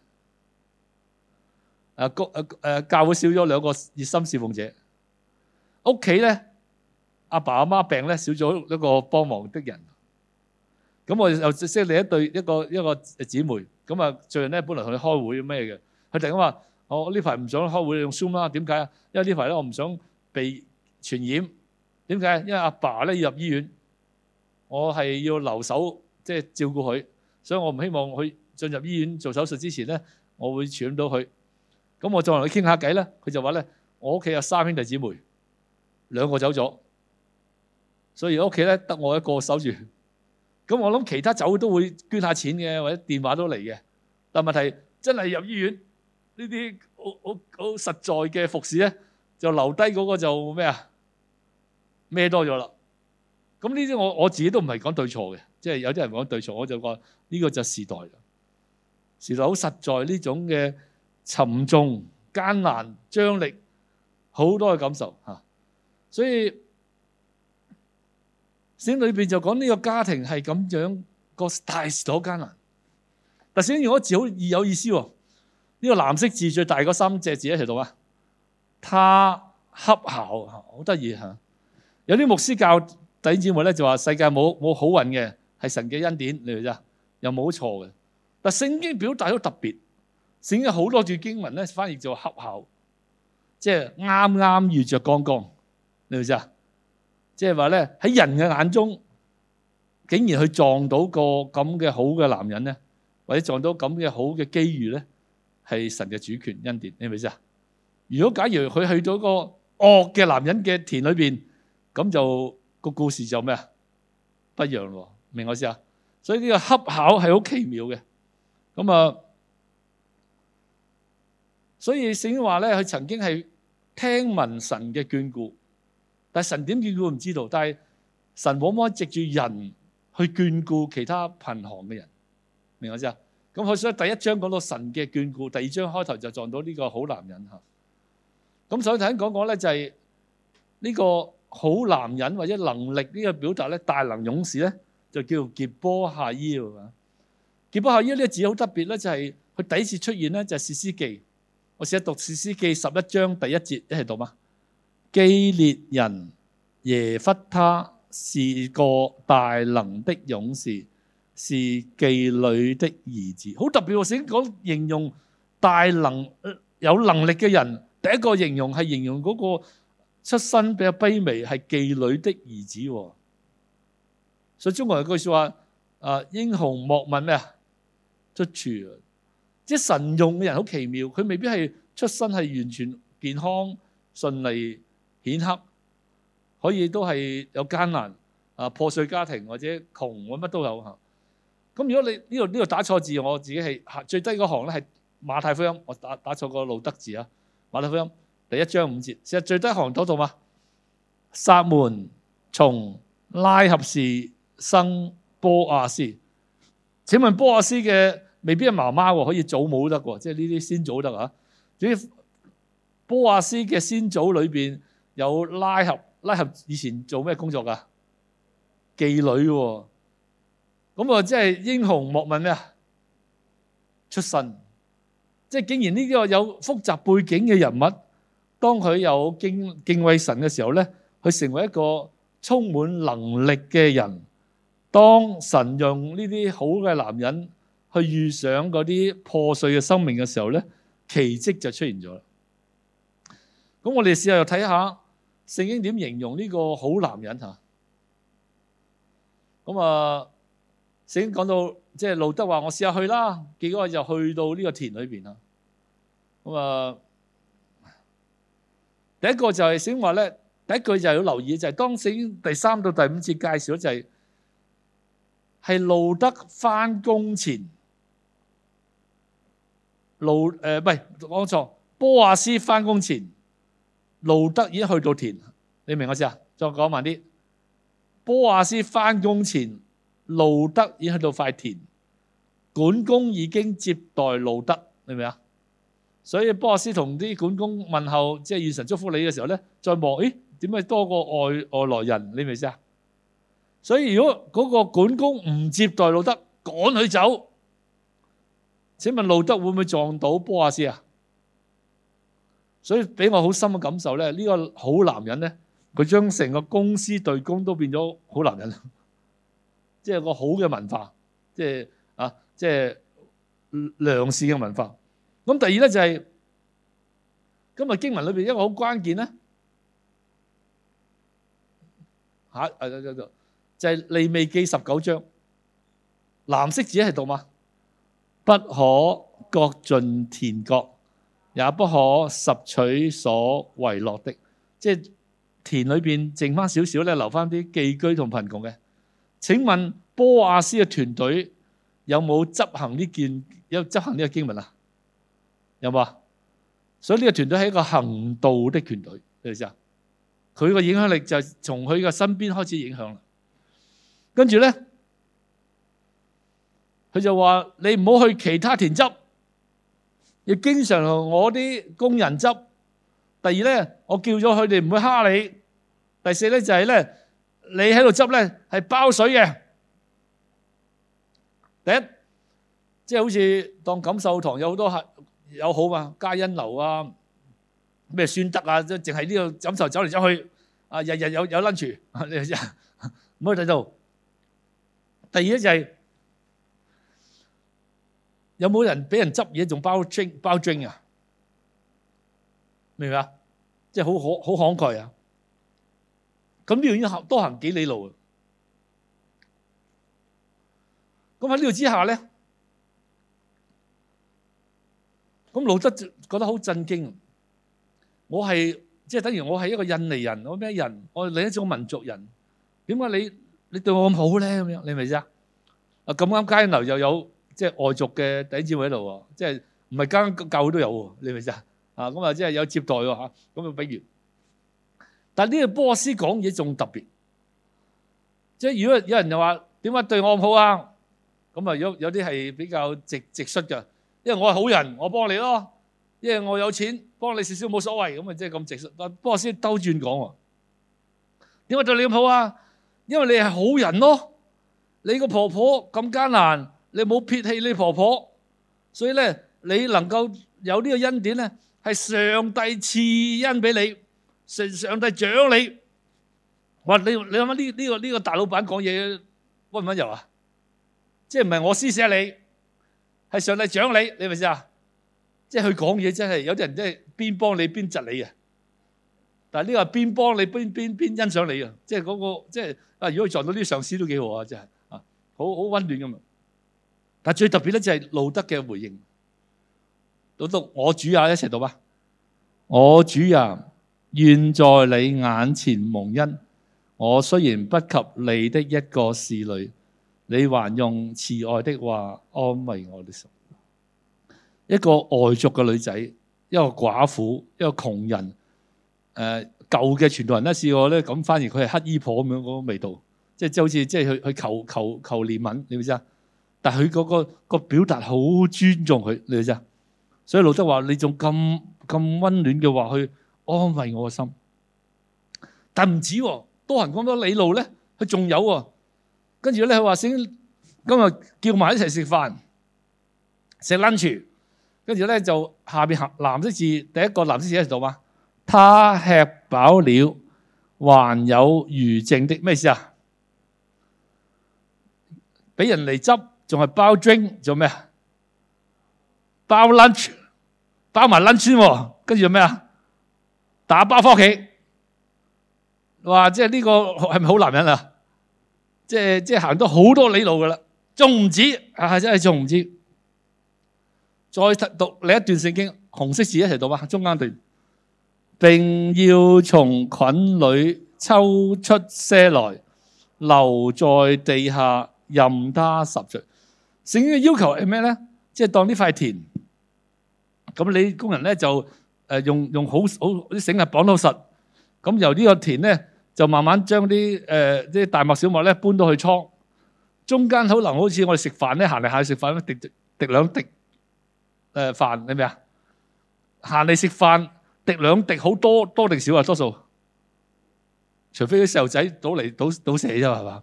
A: 啊個誒教會少咗兩個熱心侍奉者，屋企咧，阿爸阿媽病咧，少咗一個幫忙的人。咁我又識你一對一個一個姊妹，咁啊最近咧，本來同佢開會咩嘅，佢突然間話：我呢排唔想開會，用 Zoom 啦。點解啊？因為呢排咧我唔想。被傳染點解？因為阿爸咧要入醫院，我係要留守，即係照顧佢，所以我唔希望佢進入醫院做手術之前咧，我會傳染到佢。咁我再同佢傾下偈咧，佢就話咧：我屋企有三兄弟姊妹，兩個走咗，所以屋企咧得我一個守住。咁我諗其他走都會捐下錢嘅，或者電話都嚟嘅。但問題真係入醫院呢啲好好好實在嘅服侍咧。就留低嗰個就咩啊？咩多咗啦？咁呢啲我我自己都唔係講對錯嘅，即係有啲人講對錯，我就話呢個就時代，時代好實在呢種嘅沉重、艱難、張力好多嘅感受、啊、所以先裏面就講呢個家庭係咁樣個大事好艱難。但係先我字好有意思喎，呢個藍色字最大嗰三隻字一齊讀啊！他恰巧好得意嚇，有啲牧師教弟兄姊妹咧，就話世界冇冇好運嘅，係神嘅恩典嚟㗎啫，又冇錯嘅。但聖經表達都特別，聖經好多句經文咧，翻譯做恰巧，即係啱啱遇著剛剛，你明唔明啊？即係話咧，喺人嘅眼中，竟然去撞到個咁嘅好嘅男人咧，或者撞到咁嘅好嘅機遇咧，係神嘅主權恩典，你明唔明啊？如果假如佢去到個惡嘅男人嘅田裏邊，咁就，個故事就咩啊？不一樣咯，明我意思啊？所以呢個恰巧係好奇妙嘅。咁啊，所以聖經話咧，佢曾經係聽聞神嘅眷顧，但係神點眷顧唔知道。但係神往往藉住人去眷顧其他貧寒嘅人，明我意思啊？咁佢所以第一章講到神嘅眷顧，第二章開頭就撞到呢個好男人吓。咁所以首先講講咧，就係呢個好男人或者能力呢個表達咧，大能勇士咧就叫傑波夏伊啊。傑波夏伊呢個字好特別咧，就係佢第一次出現咧，就係《士師記》。我試下讀《士師記》十一章第一節，一齊讀嘛。基列人耶弗他，是個大能的勇士，是妓女的兒子。好特別，我先講形容大能有能力嘅人。第一個形容係形容嗰個出身比較卑微，係妓女的兒子。所以中國有句説話：啊，英雄莫問咩啊出處？即神用嘅人好奇妙，佢未必係出身係完全健康順利顯赫，可以都係有艱難啊破碎家庭或者窮咁乜都有嚇。咁如果你呢度呢度打錯字，我自己係最低嗰行咧係馬太福音，我打打錯個路德字啊。馬太福音第一章五節，其實最低行到到嘛？撒門從拉合氏生波亞斯。請問波亞斯嘅未必係媽媽喎，可以祖母得喎，即係呢啲先祖得啊？啲波亞斯嘅先祖裏邊有拉合，拉合以前做咩工作噶？妓女喎。咁啊，即係英雄莫問咩啊？出身。即係竟然呢個有複雜背景嘅人物，當佢有敬敬畏神嘅時候咧，佢成為一個充滿能力嘅人。當神用呢啲好嘅男人去遇上嗰啲破碎嘅生命嘅時候咧，奇跡就出現咗。咁我哋試下又睇下聖經點形容呢個好男人吓。咁啊，聖經講到。即係路得話：我試下去啦。結果我就去到呢個田裏邊啦。咁啊，第一個就係、是、想話咧，第一句就要留意就係、是，當時第三到第五節介紹就係、是，係路得翻工前，路誒唔係講錯，波阿斯翻工前，路得已經去到田。你明我意思啊？再講慢啲，波阿斯翻工前。路德已去到塊田，管工已經接待路德，明唔明啊？所以波亞斯同啲管工問候，即係願神祝福你嘅時候呢，再望，誒，點解多過外外來人？你明唔明啊？所以如果嗰個管工唔接待路德，趕佢走，請問路德會唔會撞到波亞斯啊？所以俾我好深嘅感受呢，呢、這個好男人呢，佢將成個公司對工都變咗好男人。即係個好嘅文化，即係啊，即係良善嘅文化。咁第二呢，就係、是，今日經文裏邊一個好關鍵咧，嚇，就就就就係利未記十九章，藍色字係度嘛？不可割盡田角，也不可拾取所遺落的，即係田裏邊剩翻少少咧，留翻啲寄居同貧窮嘅。請問波亞斯嘅團隊有冇執行呢件有執行呢個經文啊？有冇啊？所以呢個團隊係一個行道的團隊，咩意思啊？佢個影響力就係從佢嘅身邊開始影響啦。跟住咧，佢就話：你唔好去其他田執，要經常同我啲工人執。第二咧，我叫咗佢哋唔會蝦你。第四咧就係、是、咧。你喺度執咧係包水嘅，第一即係好似當感受堂有好多客有好嘛加恩樓啊咩宣德啊，都淨係呢度感受走嚟走去啊，日日有有 lunch，唔可以睇到。第二就係有冇人俾人執嘢仲包樽包樽啊？明唔明啊？即係好好好慷慨啊！咁呢度已經行多行幾里路啊！咁喺呢度之下咧，咁路得覺得好震驚。我係即係等於我係一個印尼人，我咩人？我另一種民族人。點解你你對我咁好咧？咁樣你明唔明啊？啊咁啱街頭又有即係外族嘅頂尖位喺度喎，即係唔係間教會都有喎？你明唔明啊？啊咁啊，即係有接待喎嚇。咁啊，比如。但呢個波斯講嘢仲特別，即係如果有人又話點解對我好啊？咁啊有有啲係比較直直率嘅，因為我係好人，我幫你咯。因為我有錢幫你少少冇所謂，咁啊即係咁直率。但波斯兜轉講喎，點解對你咁好啊？因為你係好人咯，你個婆婆咁艱難，你冇撇棄你婆婆，所以咧你能夠有呢個恩典咧係上帝賜恩俾你，上帝獎你，話你你諗下呢呢個呢、呢個呢個大老闆講嘢溫唔溫柔啊？即係唔係我施捨你，係上帝獎你，你咪知明啊？即係佢講嘢真係有啲人真係邊幫你邊窒你啊！但係呢個邊幫你邊邊邊欣賞你啊！即係嗰、嗰個即係啊！如果佢撞到啲上司都幾好啊！真係啊，好好溫暖咁啊！但係最特別咧就係路德嘅回應，老讀我主任、啊、一齊讀啊！我主任、啊。願在你眼前蒙恩。我雖然不及你的一個使女，你還用慈愛的話安慰我的心。一個外族嘅女仔，一個寡婦，一個窮人。誒、呃，舊嘅傳道人一試過咧，咁反而佢係乞衣婆咁樣嗰個味道，即係即係好似即係去去求求求憐憫，你知啊？但係佢嗰個、那個那個表達好尊重佢，你知啊？所以路得說你温暖的話：你仲咁咁温暖嘅話去。安慰我個心，但唔止喎，多行咁多里路咧，佢仲有喎。跟住咧，佢話先，今日叫埋一齊食飯，食 lunch。跟住咧就下邊藍藍色字，第一個藍色字喺度嘛。他吃飽了，還有餘剩的咩意思啊？俾人嚟執，仲係包 drink 做咩啊？包 lunch，包埋 lunch 喎。跟住做咩啊？打包返屋企，哇！即係呢個係咪好男人啊？即係即係行多好多里路噶啦，仲唔止啊？真係仲唔止？再讀另一段聖經，紅色字一齊讀啊！中間段，並要從菌裏抽出些來，留在地下任他十，任它拾除。聖經嘅要求係咩咧？即係當呢塊田，咁你工人咧就。誒，用用好好啲繩啊綁到實，咁由呢個田咧就慢慢將啲誒啲大麥小麥咧搬到去倉。中間可能好似我哋食飯咧行嚟行去食飯滴滴兩滴誒、呃、飯係咪啊？行嚟食飯滴兩滴好多多定少啊？多數除非啲細路仔倒嚟倒倒死啫嘛係嘛？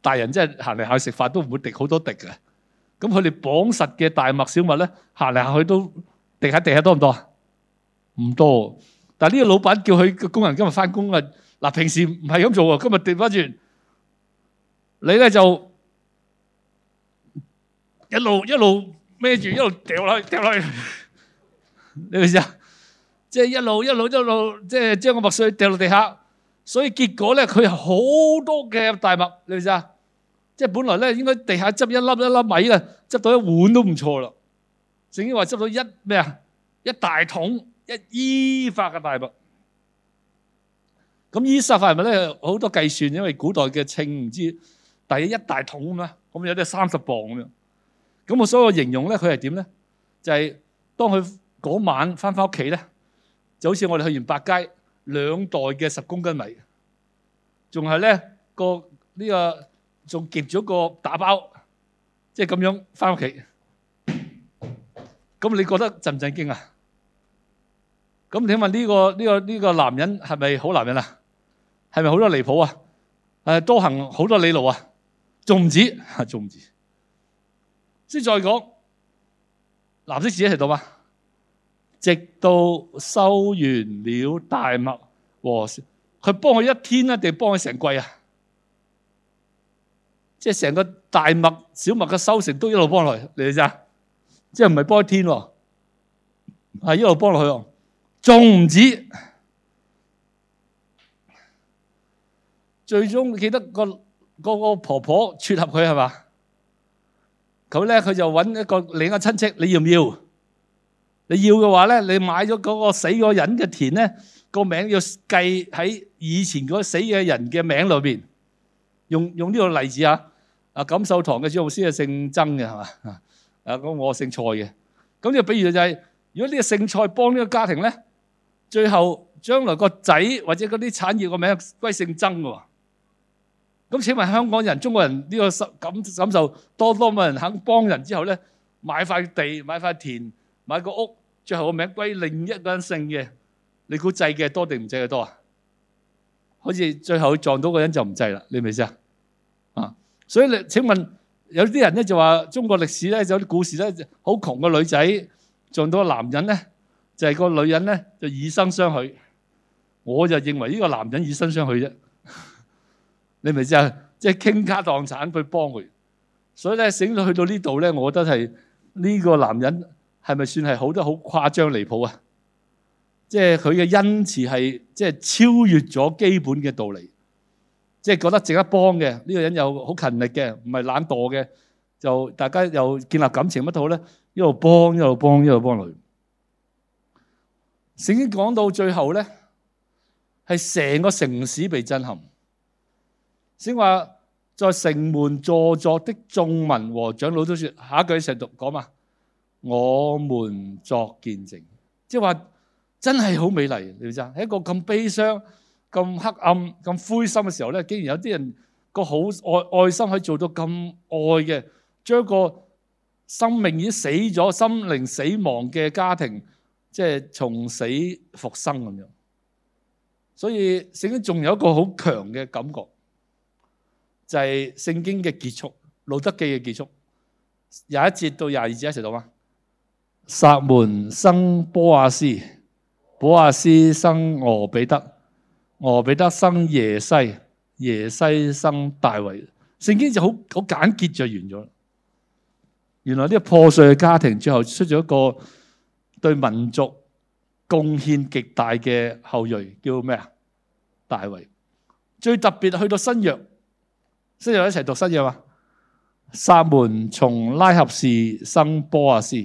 A: 大人真係行嚟行去食飯都唔會滴好多滴嘅，咁佢哋綁實嘅大麥小麥咧行嚟行去都滴喺地下多唔多？唔多，但係呢個老闆叫佢個工人今日翻工啊！嗱，平時唔係咁做喎，今日掉翻轉，你咧就一路一路孭住一路掉落去掉落去，你咪知啊？即係一路一路一路即係將個墨水掉落地下，所以結果咧佢係好多嘅大墨，你咪知啊？即係本來咧應該地下執一粒一粒米啊，執到一碗都唔錯啦，仲要話執到一咩啊？一大桶。一伊法嘅大布，咁伊十法係咪咧？好多計算，因為古代嘅秤唔知，但係一大桶啦，咁有啲三十磅咁樣。咁我所以形容咧，佢係點咧？就係當佢嗰晚翻翻屋企咧，就好似我哋去完百佳兩袋嘅十公斤米，仲係咧個呢個仲夾咗個打包，即係咁樣翻屋企。咁你覺得震唔震驚啊？咁請問呢個呢個呢個男人係咪好男人啊？係咪好多離譜啊？誒多行好多里路啊？仲唔止？仲唔止？先再講藍色字一齊讀吧。直到收完了大麥和小，佢幫佢一天啊，定幫佢成季啊？即係成個大麥小麥嘅收成都一路幫落嚟，你唔嚟即係唔係幫一天喎？係一路幫落去喎。仲唔止？最終記得個個婆婆撮合佢係嘛？佢咧佢就揾一個另一個親戚，你要唔要？你要嘅話咧，你買咗嗰個死嗰人嘅田咧，個名要計喺以前嗰死嘅人嘅名裏邊。用用呢個例子啊，啊錦秀堂嘅祖先係姓曾嘅係嘛？啊咁我姓蔡嘅，咁就比如就係、是、如果呢個姓蔡幫呢個家庭咧。最後將來個仔或者嗰啲產業個名歸姓曾嘅，咁請問香港人、中國人呢個感感受多多冇人肯幫人之後咧，買塊地、買塊田、買個屋，最後個名歸另一個人姓嘅，你估制嘅多定唔制嘅多啊？好似最後撞到個人就唔制啦，你明唔明意思啊？啊，所以你請問有啲人咧就話中國歷史咧有啲故事咧，好窮嘅女仔撞到個男人咧。就係、是、個女人咧，就以身相許。我就認為呢個男人以身相許啫。 你咪知啊，即、就、係、是、傾家蕩產去幫佢。所以咧，醒咗去到呢度咧，我覺得係呢、這個男人係咪算係好得好誇張離譜啊？即係佢嘅恩慈係即係超越咗基本嘅道理。即、就、係、是、覺得值得幫嘅呢、這個人又好勤力嘅，唔係懶惰嘅，就大家又建立感情乜都好咧，一路幫一路幫一路幫佢。首先講到最後咧，係成個城市被震撼。先話在城門坐坐的眾民和長老都說：下一句細讀講嘛，我們作見證，即係話真係好美麗，你知啊？喺一個咁悲傷、咁黑暗、咁灰心嘅時候咧，竟然有啲人個好愛愛心可以做到咁愛嘅，將一個生命已死咗、心靈死亡嘅家庭。即係從死復生咁樣，所以聖經仲有一個好強嘅感覺，就係、是、聖經嘅結束，路得記嘅結束，廿一節到廿二節一齊到啊！撒門生波亞斯，波亞斯生俄比德，俄比德生耶西，耶西生大衛。聖經就好好簡潔就完咗，原來呢個破碎嘅家庭最後出咗一個。對民族貢獻極大嘅後裔叫咩啊？大衛最特別去到新約，新約一齊讀新約啊。撒門從拉合氏生波阿斯，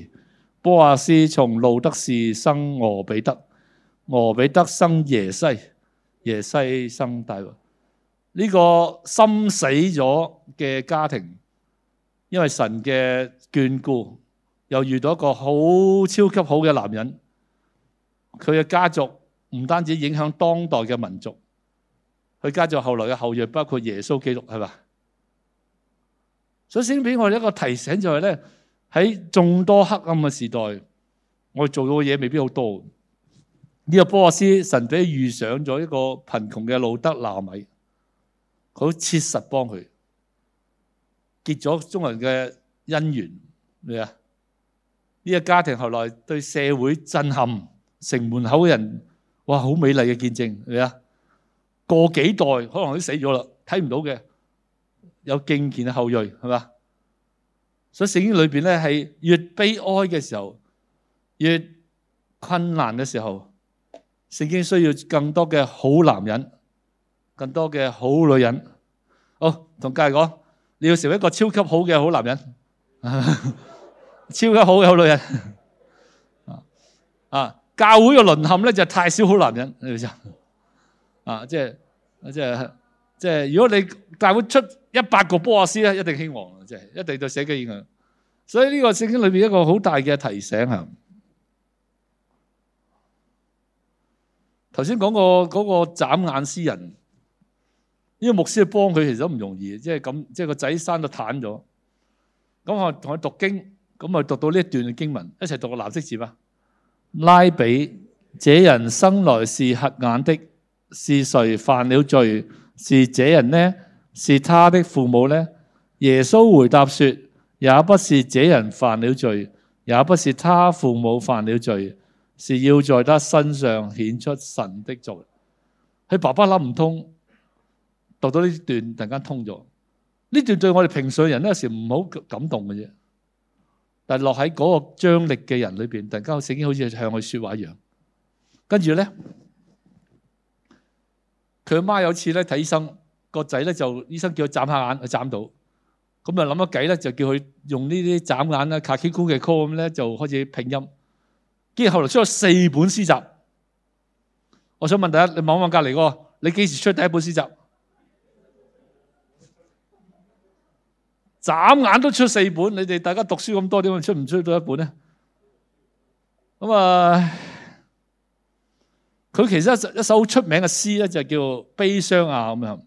A: 波阿斯從路得氏生俄比德，俄比德生耶西，耶西生大衛。呢個心死咗嘅家庭，因為神嘅眷顧，又遇到一個好超級好嘅男人，佢嘅家族唔單止影響當代嘅民族，佢家族後來嘅後裔包括耶穌基督係嘛？所以先俾我哋一個提醒就係、是、咧，喺眾多黑暗嘅時代，我哋做到嘅嘢未必好多。呢、這個波阿斯神俾遇上咗一個貧窮嘅路得拿米，佢好切實幫佢結咗中國人嘅姻緣咩啊？是呢個家庭後來對社會震撼，城門口嘅人哇，好美麗嘅見證，係咪啊？過幾代可能都死咗啦，睇唔到嘅。有敬虔嘅後裔，係嘛？所以聖經裏邊咧，係越悲哀嘅時候，越困難嘅時候，聖經需要更多嘅好男人，更多嘅好女人。好，同家人講，你要成為一個超級好嘅好男人。超級好嘅好女人啊啊！教會嘅淪陷咧就太少好男人，你就 啊，即係即係即係，如果你教會出一百個波阿斯咧，一定是興旺，即係一定對社會影響。所以呢個聖經裏邊一個好大嘅提醒吓。頭先講過嗰個眨眼詩人，呢、這個牧師幫佢其實都唔容易，即係咁，即係個仔生到癱咗，咁我同佢讀經。咁啊，讀到呢一段經文，一齊讀個藍色字啦。拉比，這人生來是瞎眼的，是誰犯了罪？是這人呢？是他的父母呢？耶穌回答說：也不是這人犯了罪，也不是他父母犯了罪，是要在他身上顯出神的作為。佢爸爸諗唔通，讀到呢段突然間通咗。呢段對我哋平常人咧，有時唔好感動嘅啫。但係落喺嗰個張力嘅人裏邊，突然間醒起好似向佢説話一樣。跟住咧，佢阿媽有次咧睇醫生，個仔咧就醫生叫佢眨一下眼，佢眨到。咁啊諗咗計咧，就叫佢用呢啲眨眼啦，卡基咕嘅 call 咁咧就開始拼音。跟住後嚟出咗四本詩集。我想問大家，你望一望隔離個，你幾時出第一本詩集？眨眼都出四本，你哋大家讀書咁多點會出唔出到一本呢？咁啊，佢其實一首一首好出名嘅詩咧，就叫《悲傷啊》咁樣。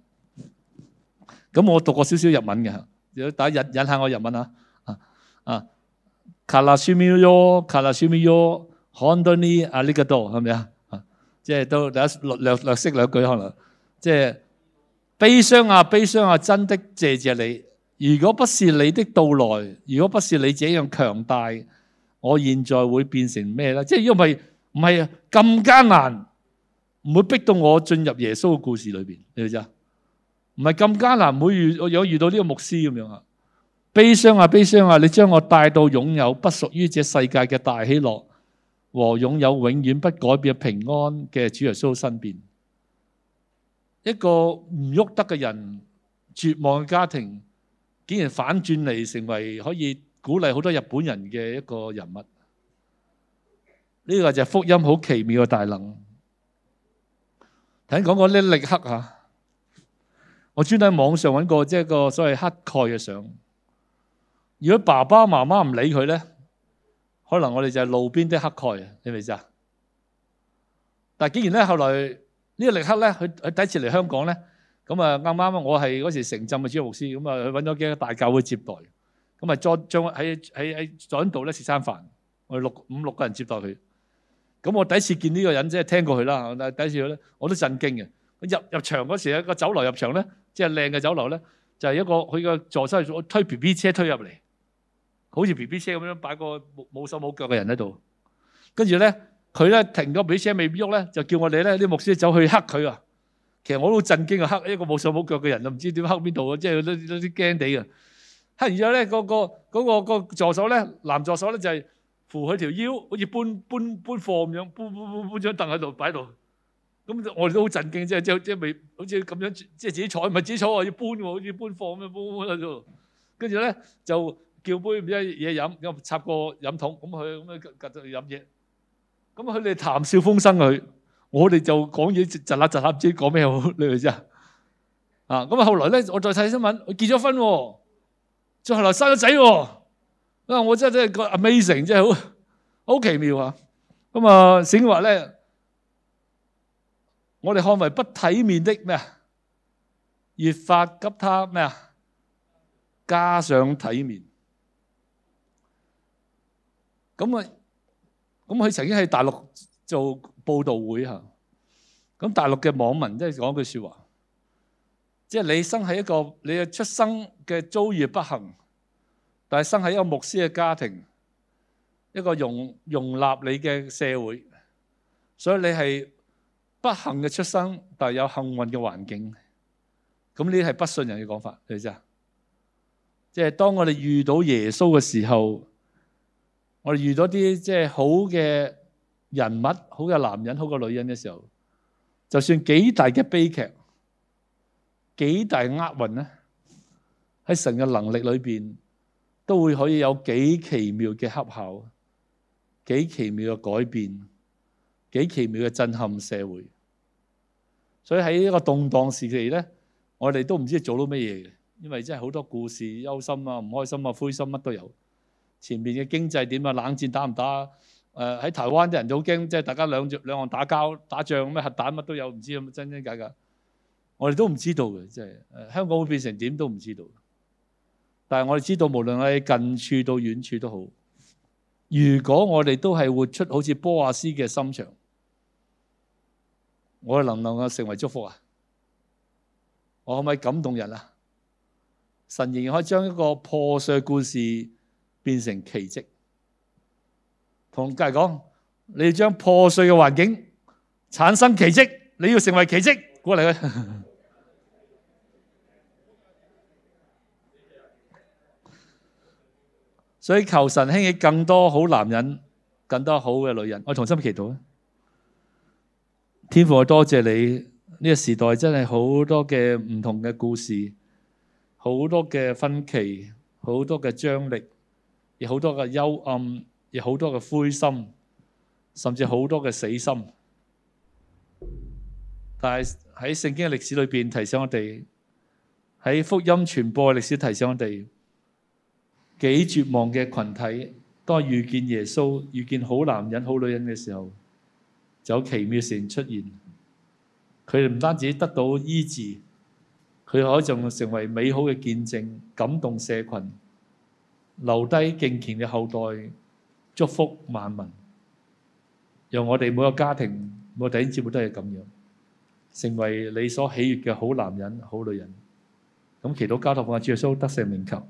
A: 咁我讀過少少日文嘅，大家引引下我日文啊，啊啊，卡啦蘇米奧，卡啦蘇米奧，看到你阿里加多係咪啊？即係都第一略略略識兩句可能，即係悲傷啊悲傷啊，真的謝謝你。如果不是你的到來，如果不是你這樣強大，我現在會變成咩呢？即係因為唔係啊，咁艱難，唔會逼到我進入耶穌嘅故事裏邊，你知唔知啊？唔係咁艱難，唔會遇有遇到呢個牧師咁樣啊，悲傷啊，悲傷啊！你將我帶到擁有不屬於這世界嘅大喜樂，和擁有永遠不改變平安嘅主耶穌身邊。一個唔喐得嘅人，絕望嘅家庭。竟然反轉嚟成為可以鼓勵好多日本人嘅一個人物，呢、這個就係福音好奇妙嘅大能。頭先講過呢力克啊，我專登喺網上揾過即係個所謂乞丐嘅相。如果爸爸媽媽唔理佢咧，可能我哋就係路邊的乞丐啊，你咪知？啊？但係竟然咧，後來呢個力克咧，佢佢第一次嚟香港咧。咁啊，啱啱啊，我係嗰時城鎮嘅主要牧師，咁啊，佢揾咗幾個大教會接待，咁啊，再將喺喺喺再喺度咧食餐飯，我哋六五六個人接待佢。咁我第一次見呢個人即係，聽過佢啦，但係第一次咧，我都震驚嘅。入入場嗰時咧，個酒樓入場咧，即係靚嘅酒樓咧，就係一個佢個助手推 B B 車推入嚟，好似 B B 車咁樣擺個冇手冇腳嘅人喺度，跟住咧佢咧停咗 B B 車未喐咧，就叫我哋咧啲牧師走去嚇佢啊！其實我都好震驚啊！黑一個冇手冇腳嘅人啊，唔知點黑邊度啊！即係嗰嗰啲驚地啊！黑，然後咧嗰個嗰個個助手咧，男助手咧就係扶佢條腰，好似搬搬搬貨咁樣，搬搬搬搬張凳喺度擺度。咁我哋都好震驚，即係即係即係未好似咁樣，即係自己坐唔係自己坐啊！要搬喎，好似搬貨咁樣搬搬喺度。跟住咧就叫杯咩嘢飲，咁插個飲筒咁佢咁樣隔隔咗去飲嘢。咁佢哋談笑風生啊！佢。我哋就講嘢窒下窒下唔知講咩好？你咪知啊？啊！咁啊，後來咧，我再睇新聞，我結咗婚，再後來生咗仔，啊！我真真係個 amazing，真係好好奇妙啊！咁啊，聖經話咧，我哋看為不體面的咩啊，越發給他咩啊，加上體面。咁啊，咁佢曾經喺大陸做。報導會嚇，咁大陸嘅網民即係講句説話，即係你生喺一個你嘅出生嘅遭遇不幸，但係生喺一個牧師嘅家庭，一個容容納你嘅社會，所以你係不幸嘅出生，但係有幸運嘅環境。咁呢啲係不信人嘅講法，你知呀？即係當我哋遇到耶穌嘅時候，我哋遇到啲即係好嘅。人物好嘅男人好過女人的時候,就算幾大的悲劇,幾大的厄運,在神的能力裏面,都會可以有幾奇妙的恰巧,幾奇妙的改變,幾奇妙的震撼社會。所以在一個動盪時期,誒、呃，喺台灣啲人都好驚，即係大家兩兩岸打交打仗咩核彈乜都有，唔知咁真真假假。我哋都唔知道嘅，即係誒，香港會變成點都唔知道。但係我哋知道，無論喺近處到遠處都好，如果我哋都係活出好似波亞斯嘅心腸，我哋能唔能夠成為祝福啊，我可唔可以感動人啊？神仍然可以將一個破碎故事變成奇蹟。同隔籬講，你將破碎嘅環境產生奇迹，你要成為奇迹，鼓勵佢。所以求神興起更多好男人，更多好嘅女人。我同心祈禱啊！天父，我多謝你。呢個時代真係好多嘅唔同嘅故事，好多嘅分歧，好多嘅張力，有好多嘅幽暗。有好多嘅灰心，甚至好多嘅死心。但係喺聖經嘅歷史裏邊，提醒我哋喺福音傳播嘅歷史，提醒我哋幾絕望嘅群體，當遇見耶穌、遇見好男人、好女人嘅時候，就有奇妙性出現。佢哋唔單止得到醫治，佢可仲成為美好嘅見證，感動社群，留低敬虔嘅後代。祝福萬民，讓我哋每個家庭、每個弟兄姊妹都係這樣，成為你所喜悅嘅好男人、好女人。咁祈禱交託奉喺主耶穌得勝名求。